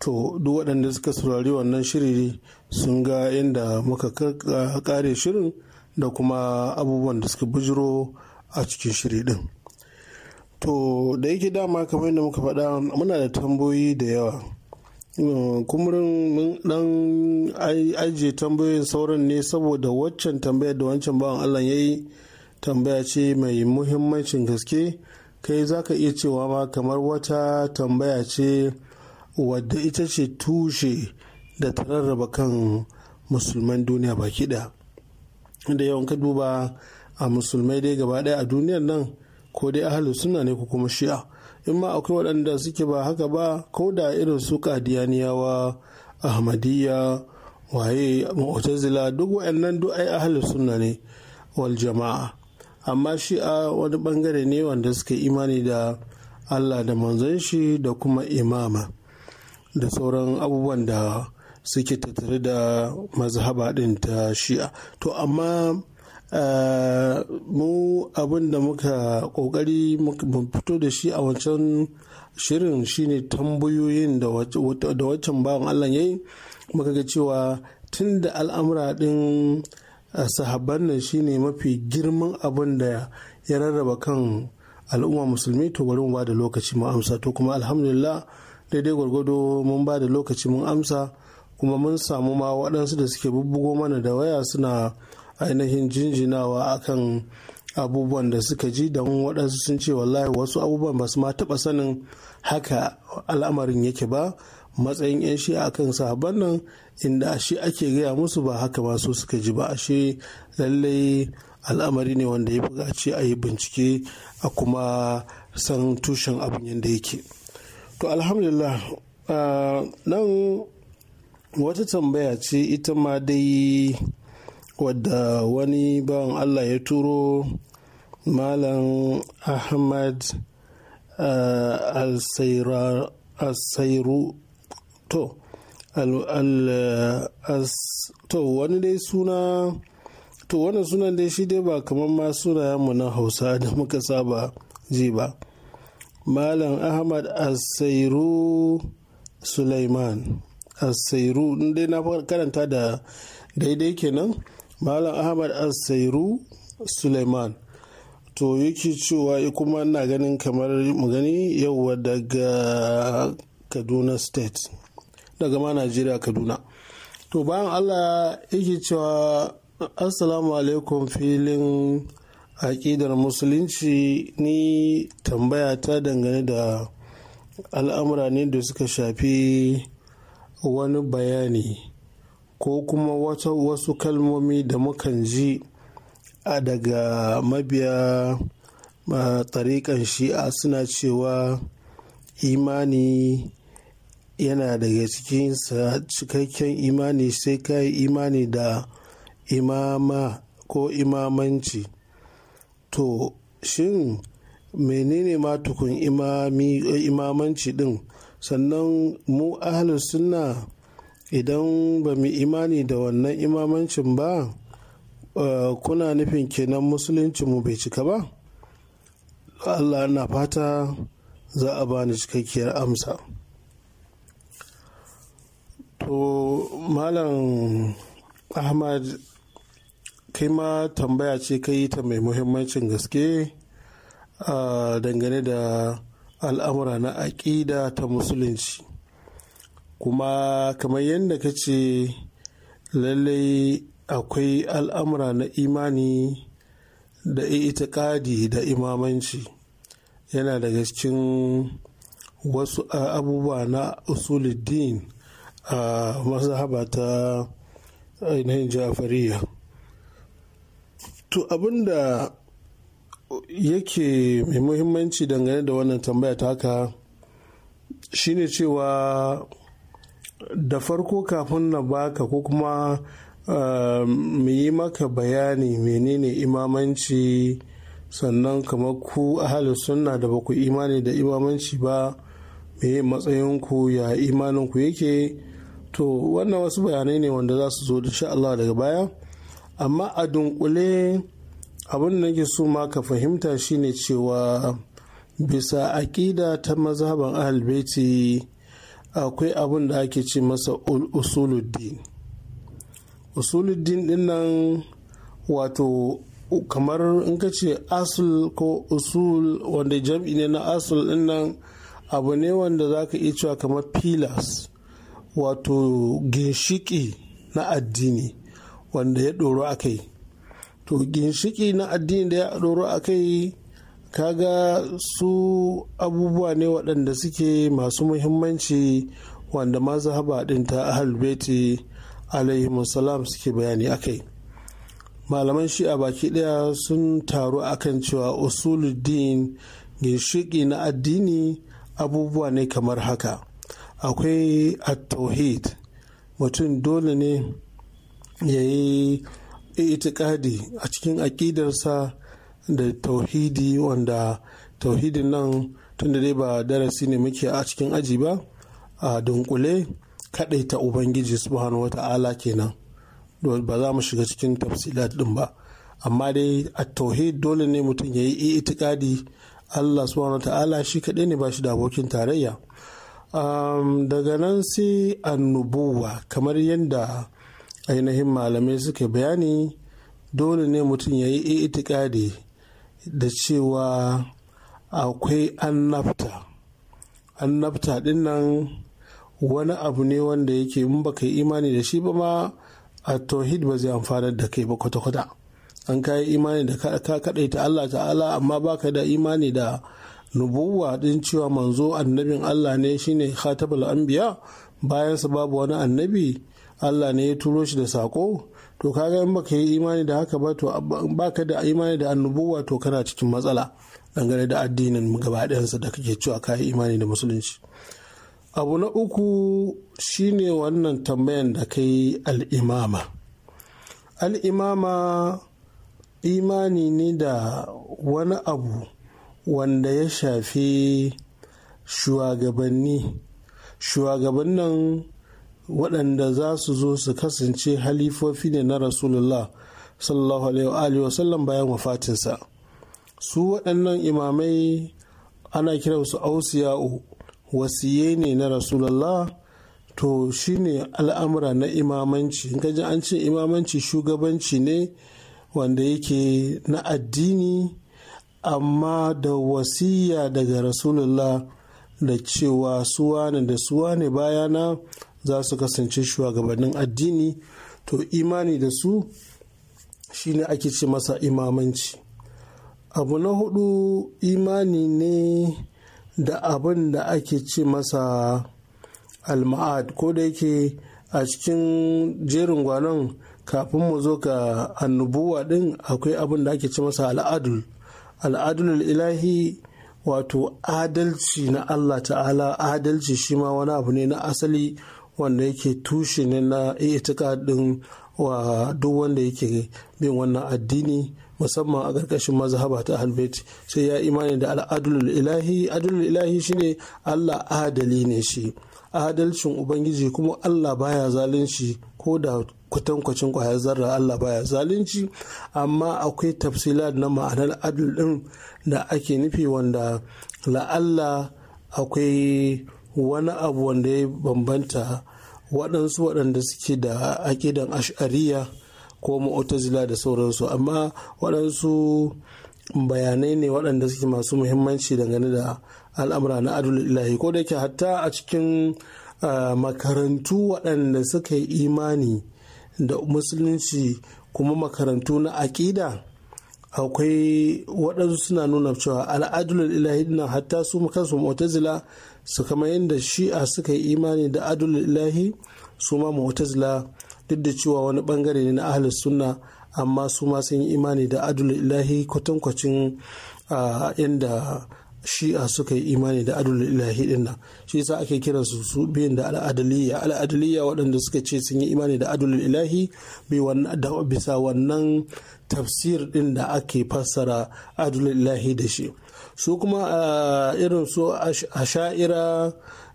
to duk waɗanda suka saurari wannan shiri sun ga inda muka kare shirin da kuma abubuwan da suka bujiro a cikin shiri ɗin. to da yake dama kamar yadda muka faɗa muna da tamboyi da yawa eh, kumurin mun dan ajiye tambayoyin sauran ne saboda waccan tambayar da wancan bawan allah ya yi tambaya ce mai muhimmancin gaske kai za ka iya cewa ma kamar wata tambaya ce wadda ita ce tushe da ta rarraba kan musulman duniya baki da yawan ka duba a musulmai dai gaba ɗaya a duniyar nan ko dai ahalu suna ne ko kuma shi'a in ma akwai waɗanda suke ba haka ba ko da irin su kadiyaniyawa ahmadiyya waye mu'tazila duk waɗannan duk ai ahalu suna ne wal jama'a amma shi'a wani bangare ne wanda suke imani da allah da manzon shi da kuma imama da sauran abubuwan da suke tattare da mazhaba ɗin ta shi'a to amma Eh, mu abin da muka kokari mu fito da shi a wancan shirin shine tambayoyin da waccan bawan allah ya yi muka ga cewa tun da al'amura din eh, sahabban nan shine mafi girman abin da ya rarraba kan al'umma musulmi to bari mu ba da lokaci mu amsa to kuma alhamdulillah daidai gwargwado mun ba da lokaci mun amsa kuma mun samu ma waɗansu da suke bubbugo mana da waya suna ainihin jinjinawa akan abubuwan da suka ji da waɗansu sun ce wallahi wasu abubuwan ba su ma taɓa sanin haka al'amarin yake ba matsayin 'yan shi a kan sahabban nan inda shi ake gaya musu ba haka ba su suka ji ba ashe lallai al'amari ne wanda ya buƙaci a yi bincike a kuma san tushen abin yadda yake to alhamdulillah ah, nan wata tambaya ce ita ma dai wadda wani bawan allah ya turo malam ahmad eh, al-sairu eh, to wani dai suna to wani sunan dai shi dai ba kamar ma mu na hausa da muka saba ji ba malam ahmad al-sairu suleiman al-sairu dai na karanta da daidai kenan malam ahmad asairu suleiman to yake cewa eh, kuma na ganin kamar mu gani yauwa daga kaduna state daga ma najeriya kaduna to bayan allah yake cewa assalamu alaikum filin aƙidar musulunci ni tambaya ta dangane da al'amura ne da suka shafi wani bayani ko kuma wasu kalmomi da mukan ji a daga mabiya tariƙan shi'a suna cewa imani yana daga cikin cikakken imani sai kayi imani da imama ko imamanci to shin menene ma tukun imamanci din sannan mu ahalus sunna idan ba mu imani da wannan imamancin ba eh, kuna nufin kenan musulunci mu bai cika ba allah na fata za a bani cikakkiyar amsa to malam ahmad kai ma tambaya ce ka yi ta mai muhimmancin gaske eh, dangane da al'amura na aƙida ta musulunci kuma kamar yadda ka ce lallai akwai al'amura na imani da itikadi da imamanci yana daga cikin wasu abubuwa na usuluddin a mazhaba ta ainihin jafariya to abinda yake mai muhimmanci dangane da wannan tambaya ta haka shine cewa da farko kafin na baka ko kuma eh, mu yi maka bayani menene imamanci sannan kamar ku ahal sunna da baku imani da imamanci ba meye matsayinku ya imaninku yake to wannan wasu bayanai ne wanda za su zo sha Allah daga baya amma a dunkule abin da nake so ma ka fahimta shine cewa bisa aƙida ta mazhaban ahalbeti akwai abin da ake ce masa usuluddin usuluddin din nan wato kamar in ka ce asul ko usul wanda jam'i ne na asul din nan abu ne wanda za ka iya cewa kamar pillars wato ginshiki na addini wanda ya ɗoro a kai to ginshiki na addini da ya ɗoro a kai kaga su abubuwa ne waɗanda suke masu muhimmanci wanda masu haba ɗin ta ahalbeti salam suke bayani a kai? malaman shi a baki ɗaya sun taru akan cewa usuluddin ginshiki na addini abubuwa ne kamar haka akwai at-tauhid mutum dole ne ya yi itikadi a cikin aƙidarsa da tauhidi wanda tauhidin nan tunda dai ba darasi ne muke a cikin aji ba a dunkule ta ubangiji subhanahu ta'ala kenan ba za mu shiga cikin tafsilat din ba amma dai a tauhid dole ne mutum ya yi itikadi allah subhanahu ta'ala shi kaɗai ne ba shi da abokin tarayya um, daga nan sai annubuwa kamar yadda ainihin malamai suka bayani dole ne mutum ya yi itikadi da cewa akwai annabta annabta din nan wani abu ne wanda yake in baka yi imani da shi ba ma a tauhid ba zai amfana da kai ba kwata-kwata an yi imani da ka ta Allah ta'ala amma baka da imani da nubuwa din cewa manzo annabin Allah ne shine khatabul anbiya bayan Bayansa babu wani annabi Allah ne ya turo shi da sako to kaga in baka yi imani da haka ba to baka da imani da annubuwa to kana cikin matsala dangane da addinin gaba da kake cewa ka yi imani da musulunci abu na uku shine wannan tambayan da kai al'imama al'imama imani ne da wani abu wanda ya shafi shugabanni shugabannin waɗanda za su zo su kasance halifofi ne na rasulullah sallallahu alaihi wa sallam bayan wafatinsa su waɗannan imamai ana kiransu ausiya'u wasiye ne na rasulullah to shine al'amura na imamanci in kaji an ce imamanci shugabanci ne wanda yake na addini amma da wasiya daga rasulullah da cewa suwa ne da suwa ne bayana za su kasance shugabannin addini to imani da su shine ake ce masa imamanci abu na hudu imani ne da abin da ake ce masa alma'ad ko da yake a cikin jerin gwanon kafin mu zo ga annubuwa din akwai abin da ake ce masa al'adul al'adul ilahi wato adalci na Allah ta'ala adalci shi ma wani abu ne na asali wanda yake tushe ne na itikadin wa duk wanda yake bin wannan addini musamman a ƙarƙashin mazhaba ta halbeti sai ya imani da al'adul ilahi adul ilahi shine allah adali ne shi adalcin ubangiji kuma allah baya zalunci ko da kwatankwacin kwayar zarra allah baya zalunci amma akwai tafsila na ma'anar adul din da ake nufi wanda la'alla akwai wani abu wanda ya bambanta waɗansu waɗanda suke da aƙidan ash'ariya ko mu'tazila da sauransu amma waɗansu bayanai ne waɗanda suke masu muhimmanci dangane da al'amura na adul ilahi ko da ke hatta a cikin makarantu waɗanda suka yi imani da musulunci kuma makarantu na aƙida akwai waɗansu suna nuna cewa al'adul ilahi dinan hatta su kansu mu'tazila su kama yadda shi'a suka yi imani da adul ilahi su ma mu'tazila duk da cewa wani bangare ne na ahlus sunna amma su ma sun yi imani da adul ilahi kwatankwacin yadda shi'a suka yi imani da adul ilahi din nan shi yasa ake kiran su su biyan da al'adaliya al'adaliya waɗanda suka ce sun yi imani da adul ilahi bisa wannan tafsir din da ake fassara adul ilahi da shi su kuma a eh, irin su a sha'ira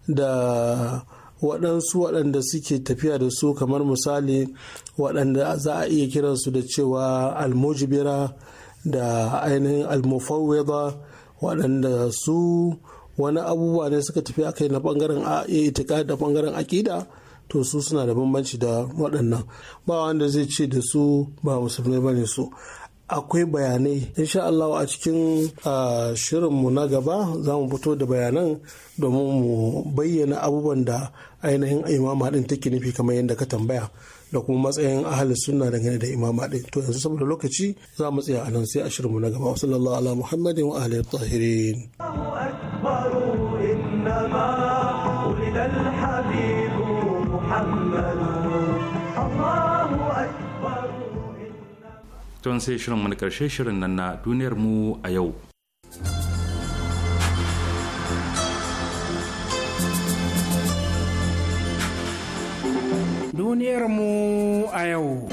da waɗansu waɗanda suke tafiya da su kamar misali waɗanda za a iya kiransu da cewa almujibira da ainihin almufawwida waɗanda su wani abubuwa ne suka tafi akai na bangaren eh, itika da bangaren akida to su suna da bambanci da waɗannan ba wanda zai ce da su ba musulmai ba ne su akwai bayanai insha Allah a cikin shirinmu na gaba za mu fito da bayanan domin mu bayyana abubuwan da ainihin imama din take nufi kamar yadda ka tambaya da kuma matsayin ahalin sunna dangane da imama din to yanzu saboda lokaci za mu tsaya a nan sai a shirinmu na gaba sallallahu ala muhammadin wa alihi tahirin don sai shirin mana karshe shirin nan na duniyar mu a yau duniyar mu a yau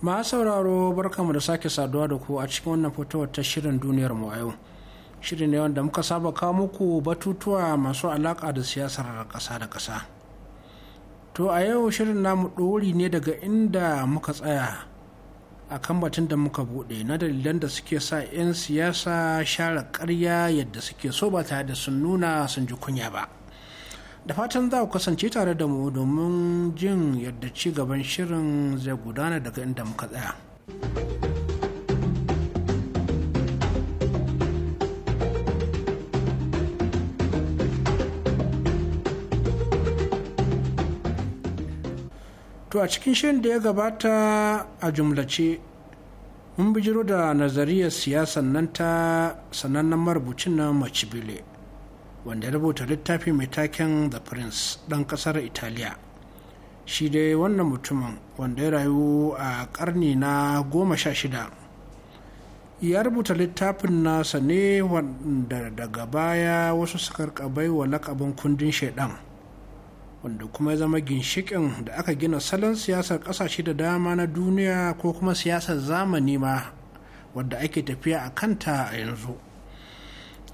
Ma sauraro barkamu da sake saduwa da ku a cikin wannan fitowar ta shirin duniyar mu a yau shirin ne wanda muka saba kawo muku batutuwa masu alaƙa da siyasar ƙasa da ƙasa to a yau shirin namu ɗori ne daga inda muka tsaya a kan batun da muka buɗe na dalilan da suke sa 'yan siyasa share karya yadda suke so ba tare da sun nuna sun ji kunya ba da fatan za ku kasance tare da mu domin jin yadda ci gaban shirin zai gudana daga inda muka tsaya. to a cikin shirin da ya gabata a jumlace mun bijiro da nazariyar siyasan nan ta sanannen marubucin na macibile wanda rubuta littafi mai taken the prince ɗan ƙasar italiya shi dai wannan mutumin wanda ya rayu a ƙarni na goma sha shida ya rubuta littafin nasa ne wanda daga baya wasu suka baiwa lakabin kundin shaidan wanda kuma ya zama ginshikin da aka gina salon siyasar kasashe da dama na duniya ko kuma siyasar zamani ma wadda ake tafiya a kanta a yanzu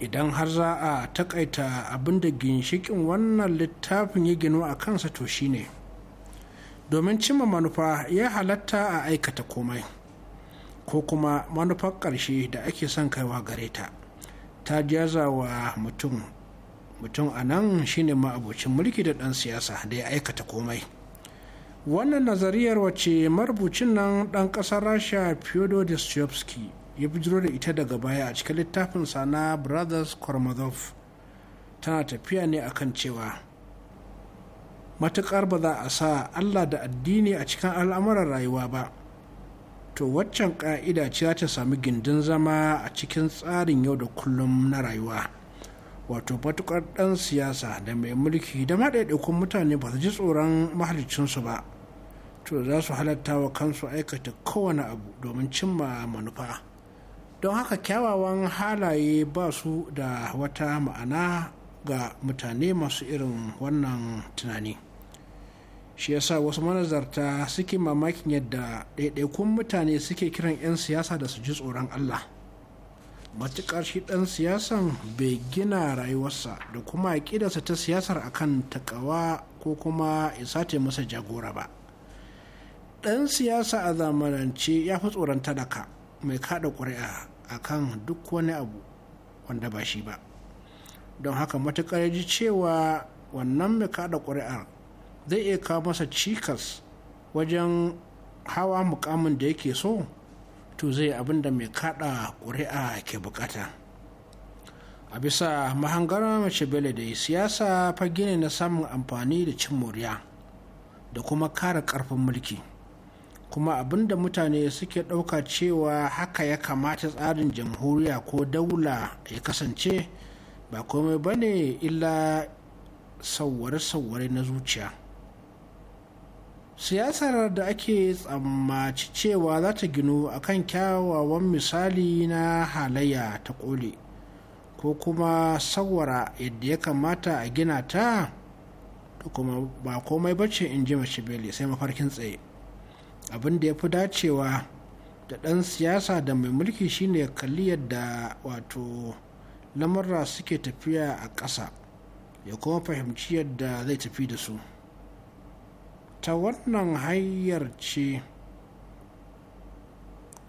idan har za a takaita abin da ginshikin wannan littafin ya ginu a kansa to shine domin cimma manufa ya halatta a aikata komai ko kuma manufar ƙarshe da ake son kaiwa gare ta ta jaza wa mutum mutum a nan shine ma'abocin mulki da ɗan siyasa da ya aikata komai wannan nazariyar wacce marubucin nan ɗan ƙasar rasha fyodor dostoevsky ya bijiro da ita daga baya a cikin littafinsa na brothers kormazov tana tafiya ne akan cewa matuƙar ba za a sa allah da addini a cikin al'amuran rayuwa ba to waccan ƙa'ida ce za ta sami gindin zama a cikin tsarin yau da kullum na rayuwa. wato fatukar ɗan siyasa da mai mulki da maɗaiɗaikun mutane ba su ji tsoron mahalicinsu ba to za su halatta wa kansu aikata kowane abu domin cimma manufa don haka kyawawan halaye ba su da wata ma'ana ga mutane masu irin wannan tunani shi yasa wasu manazarta suke mamakin yadda ɗaiɗaikun mutane suke kiran 'yan siyasa da su ji tsoron allah matuƙar shi ɗan siyasan bai gina rayuwarsa da kuma ƙidarsa ta siyasar akan taƙawa ko kuma isa ta masa jagora ba ɗan siyasa a zamanance ya fi tsoron talaka mai kaɗa ƙuri'a a kan duk wani abu wanda ba shi ba don haka matuƙar ji cewa wannan mai kaɗa ƙuri'ar zai iya kawo masa cikas wajen hawa mukamin da yake so to zai abin da mai kada ƙuri'a ke bukata a bisa mahangar mace bele da siyasa fa ne na samun amfani da cin moriya da kuma kare karfin mulki kuma abin da mutane suke ɗauka cewa haka ya kamata tsarin jamhuriya ko daula ya kasance ba komai ba ne illa sauware-sauware na zuciya siyasar da ake tsammaci cewa za ta ginu a kan kyawawan misali na halayya ta kole ko kuma sawara yadda ya kamata a gina ta to kuma ba komai bace in ji mashibeli sai mafarkin tsaye abin da ya fi dacewa da ɗan siyasa da mai mulki shine kalli yadda wato lamarra suke tafiya a ƙasa ya kuma fahimci yadda zai tafi da su ta wannan hanyar ce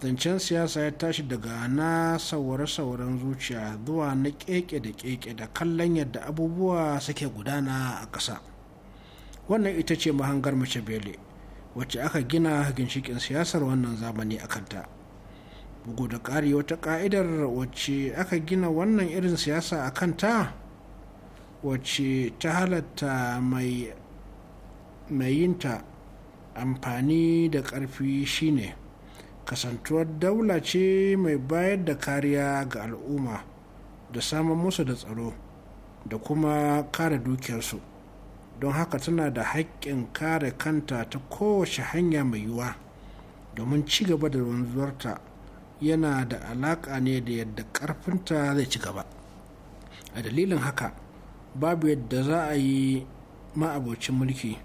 zancen siyasa ya tashi daga na saurare-sauren zuciya zuwa na keke da keke da kallon yadda abubuwa suke gudana a ƙasa wannan ita ce mahangar mace bele wacce aka gina ginshikin siyasar wannan zamani a kanta bugu da ƙari wata ƙa'idar wacce aka gina wannan irin siyasa a kanta wacce ta halatta mai mai yinta amfani da ƙarfi shine kasantuwar daula ce mai bayar da kariya ga al'umma da samun musu da tsaro da kuma kare dukiyarsu don haka tana da haƙƙin kare kanta ta kowace hanya mai yiwuwa domin ci gaba da wanzuwarta yana da alaƙa ne da yadda ƙarfinta zai ci gaba a dalilin haka babu yadda za a yi ma'abocin mulki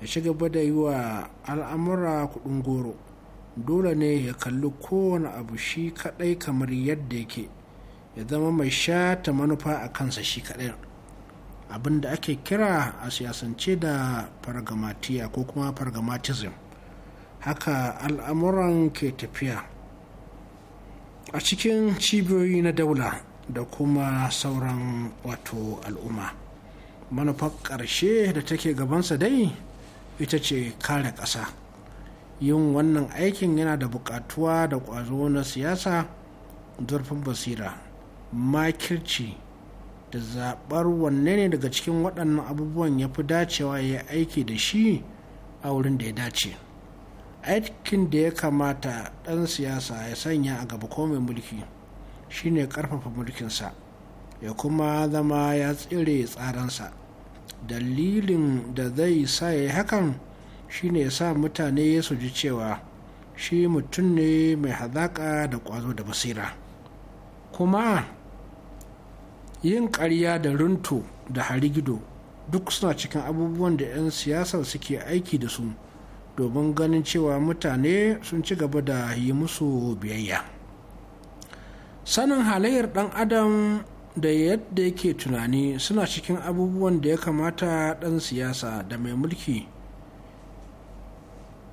ya ci gaba da yi wa al'amura kuɗin goro dole ne ya kalli kowane abu shi kaɗai kamar yadda yake ya zama mai shata manufa a kansa shi kaɗai abin da ake kira a siyasance da fargamatiya ko kuma fargamatism haka al'amuran ke tafiya a cikin cibiyoyi na daula da kuma sauran wato al'umma manufar ƙarshe da take gabansa dai ita ce kare ƙasa yin wannan aikin yana da buƙatuwa da ƙwazo na siyasa zurfin basira makirci da zaɓar wanne ne daga cikin waɗannan abubuwan ya fi dacewa ya yi aiki da shi a wurin da ya dace aikin da ya kamata ɗan siyasa ya sanya a gaba komai mai mulki shine ƙarfafa mulkinsa ya kuma zama ya tsire tsaransa dalilin da zai sa ya hakan shine ya sa mutane su ji cewa shi mutum ne mai hazaƙa da ƙwazo da basira kuma yin ƙarya da runtu da hari gido duk suna cikin abubuwan da 'yan siyasar suke aiki da su domin ganin cewa mutane sun ci gaba da yi musu biyayya sanin halayyar ɗan adam da yadda yake tunani suna cikin abubuwan da ya kamata ɗan siyasa da mai mulki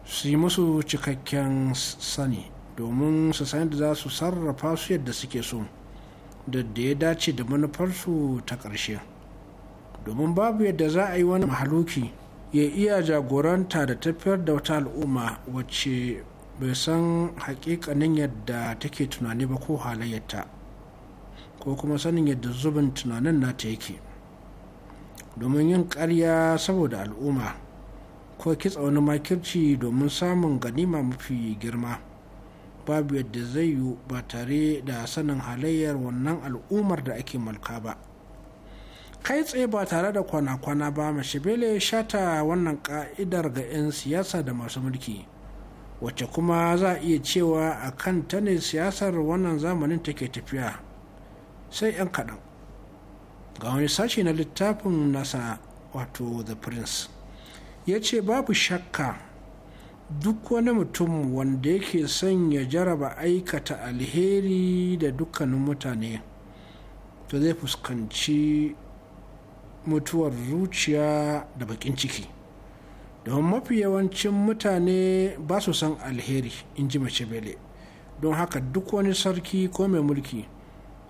su yi musu cikakken sani domin su san da za su sarrafa su yadda suke so da da ya dace da manufarsu ta ƙarshe domin babu yadda za a yi wani mahaluki ya iya jagoranta da tafiyar da wata al'umma wacce bai san hakikanin yadda take tunani ba ko halayyarta. ko kuma sanin yadda zubin tunanin nata yake domin yin karya saboda al'umma ko kitsa wani makirci domin samun ganima mafi girma babu yadda zai yi ba tare da sanin halayyar wannan al'ummar da ake mulka ba kai tsaye ba tare da kwana-kwana ba mashibele shata wannan ka'idar ga 'yan siyasa da masu mulki wacce kuma za a iya cewa a kan ta ne siyasar wannan zamanin take tafiya sai 'yan kaɗan ga wani sashi na littafin nasa wato the prince ya ce babu shakka duk wani mutum wanda yake son ya jaraba aikata alheri da dukkanin mutane to zai fuskanci mutuwar zuciya da bakin ciki don mafi yawancin mutane ba su san alheri in ji mace bele don haka duk wani sarki ko mai mulki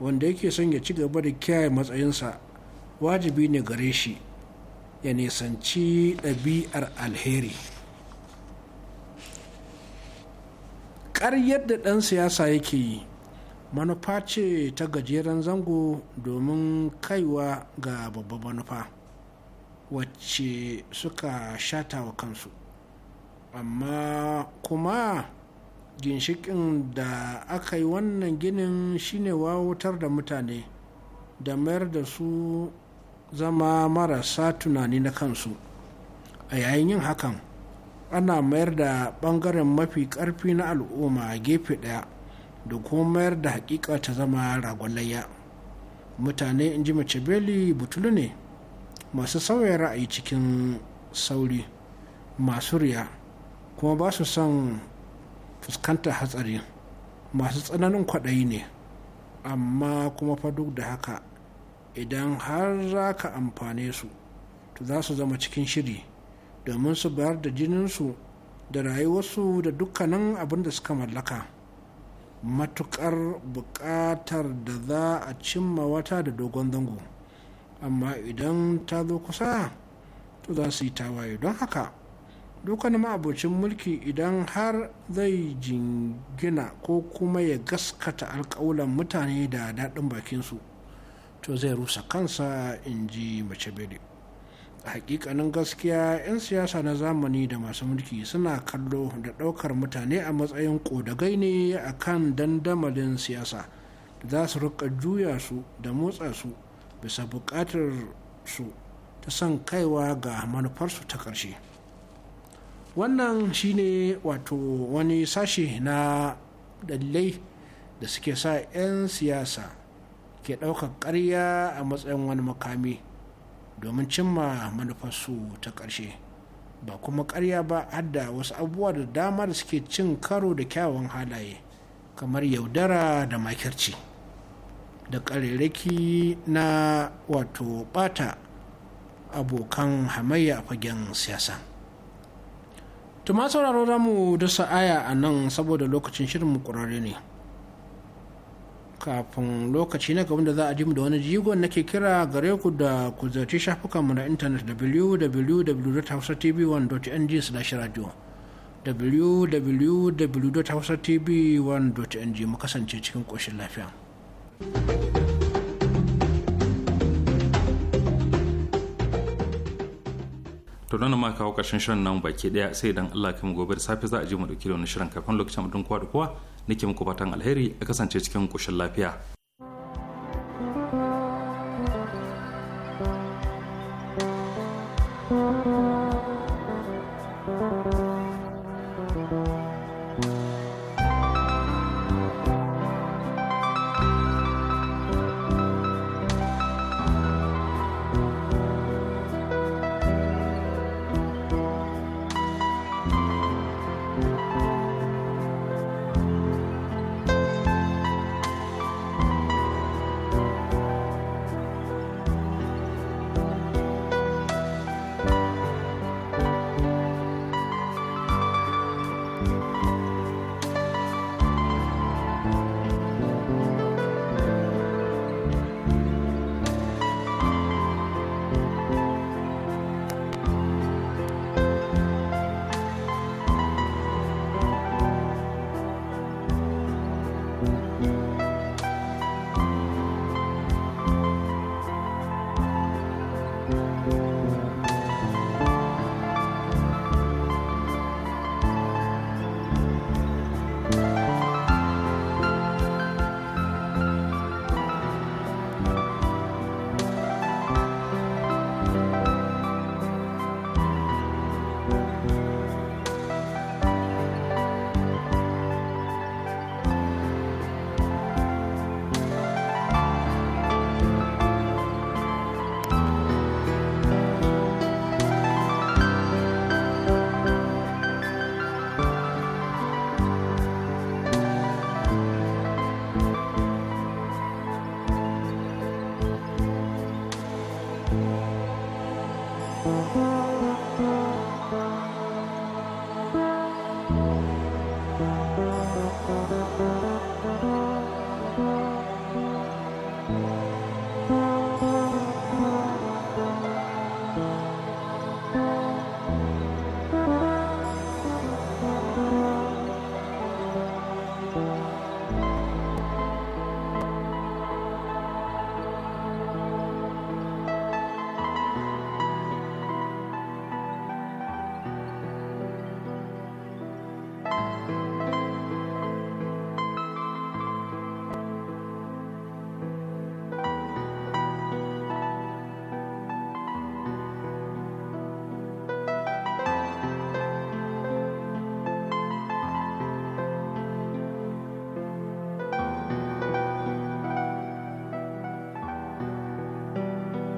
wanda yake son ya ci gaba da kiyaye matsayinsa wajibi ne gare shi ya nisanci ɗabi'ar alheri ƙaryar da ɗan siyasa yake yi manufa ce ta gajeren zango domin kaiwa ga babban manufa wacce suka shata wa kansu amma kuma ginshikin da aka yi wannan ginin shine wawutar da mutane da mayar da su zama marasa tunani na kansu a yayin yin hakan ana mayar da ɓangaren mafi ƙarfi na al'umma a gefe ɗaya, da kuma mayar da hakika ta zama ragwalayya mutane in ji mace beli butulu ne masu sauya ra'ayi cikin sauri masu riya kuma ba su son fuskantar hatsari masu tsananin kwaɗayi ne amma kuma fa duk da haka idan har za ka amfane su to za su zama cikin shiri domin su bayar da jininsu da rayuwarsu da dukkanin abin da suka mallaka matukar buƙatar da za a cimma wata da dogon zango amma idan ta zo kusa to za su yi tawaye don haka dukkan ma'abocin mulki idan har zai jingina ko kuma ya gaskata alkawulan mutane da daɗin bakinsu to zai rusa kansa in ji mace bere a hakikanin gaskiya 'yan siyasa na zamani da masu mulki suna kallo da ɗaukar mutane a matsayin ƙodagai ne a kan dandamalin siyasa da za su rika juya su da motsa su bisa buƙatar su ta son kaiwa ga manufarsu ta ƙarshe. wannan shine wato wani sashe na dalilai da suke sa 'yan siyasa ke ɗaukar ƙarya a matsayin wani makami domin cimma manufarsu ta ƙarshe ba kuma ƙarya ba hadda wasu abubuwa da dama da suke cin karo da kyawun halaye kamar yaudara da makirci da ƙarerraki na wato ɓata abokan hamayya a fagen siyasa. Tuma sauraro za mu dasa aya a nan saboda lokacin shirinmu kurare ne. Kafin lokaci na gaban da za a ji mu da wani jigon nake kira gare ku da ku zarci shafukanmu na intanet www.hausatv1.ng/radio www.hausatv1.ng mu kasance cikin koshin lafiya. thank you to nan ma kawo ƙarshen shirin nan baki daya sai dan Allah kai mu gobe da safe za a je mu dauki da wani shirin kafin lokacin mu kwa da kowa nake muku fatan alheri a kasance cikin koshin lafiya